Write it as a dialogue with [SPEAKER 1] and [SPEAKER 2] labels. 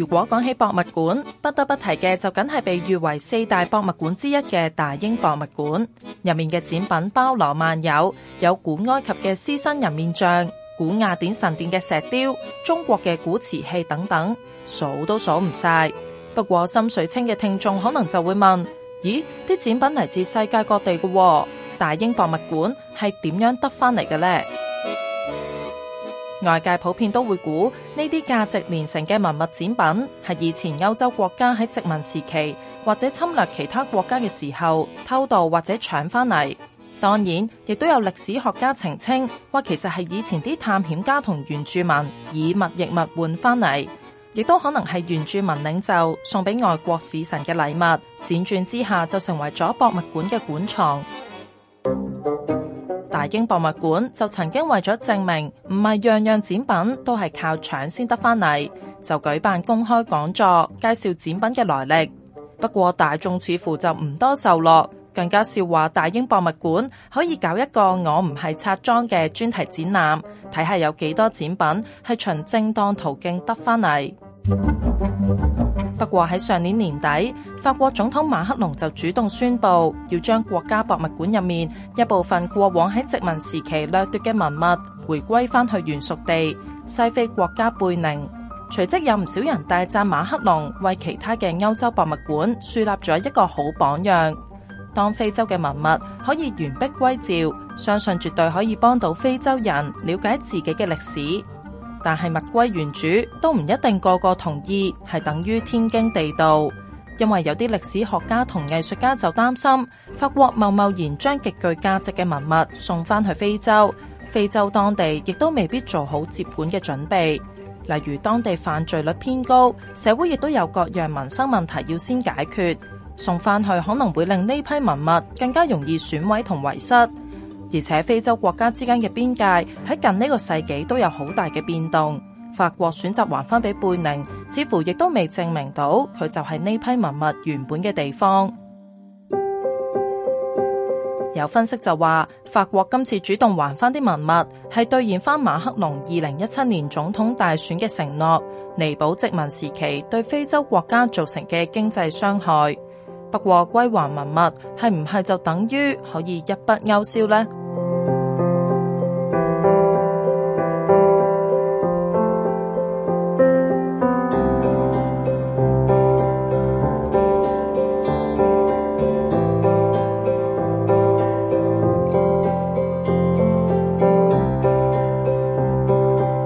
[SPEAKER 1] 如果講起博物館，不得不提嘅就梗係被譽為四大博物館之一嘅大英博物館。入面嘅展品包羅萬有，有古埃及嘅獅身人面像、古雅典神殿嘅石雕、中國嘅古瓷器等等，數都數唔晒。不過心水清嘅聽眾可能就會問：「咦，啲展品嚟自世界各地嘅喎，大英博物館係點樣得翻嚟嘅呢？」外界普遍都會估呢啲價值連城嘅文物展品係以前歐洲國家喺殖民時期或者侵略其他國家嘅時候偷盜或者搶翻嚟。當然，亦都有歷史學家澄清話其實係以前啲探險家同原住民以物易物換翻嚟，亦都可能係原住民領袖送俾外國使臣嘅禮物，輾轉之下就成為咗博物館嘅館藏。大英博物館就曾經為咗證明唔係樣樣展品都係靠搶先得翻嚟，就舉辦公開講座，介紹展品嘅來歷。不過大眾似乎就唔多受落，更加笑話，大英博物館可以搞一個我唔係拆裝嘅專題展覽，睇下有幾多展品係循正當途徑得翻嚟。 不過喺上年年底，法國總統馬克龍就主動宣布，要將國家博物館入面一部分過往喺殖民時期掠奪嘅文物回歸返去原屬地西非國家貝寧。隨即有唔少人大讚馬克龍為其他嘅歐洲博物館樹立咗一個好榜樣。當非洲嘅文物可以完璧歸趙，相信絕對可以幫到非洲人了解自己嘅歷史。但係物歸原主都唔一定個個同意，係等於天經地道，因為有啲歷史學家同藝術家就擔心，法國貿貿然將極具價值嘅文物送翻去非洲，非洲當地亦都未必做好接管嘅準備。例如當地犯罪率偏高，社會亦都有各樣民生問題要先解決，送翻去可能會令呢批文物更加容易損毀同遺失。而且非洲國家之間嘅邊界喺近呢個世紀都有好大嘅變動。法國選擇還翻俾貝寧，似乎亦都未證明到佢就係呢批文物原本嘅地方。 有分析就話，法國今次主動還翻啲文物，係兌現翻馬克龍二零一七年總統大選嘅承諾，彌補殖民時期對非洲國家造成嘅經濟傷害。不過歸還文物，係唔係就等於可以一筆勾銷咧？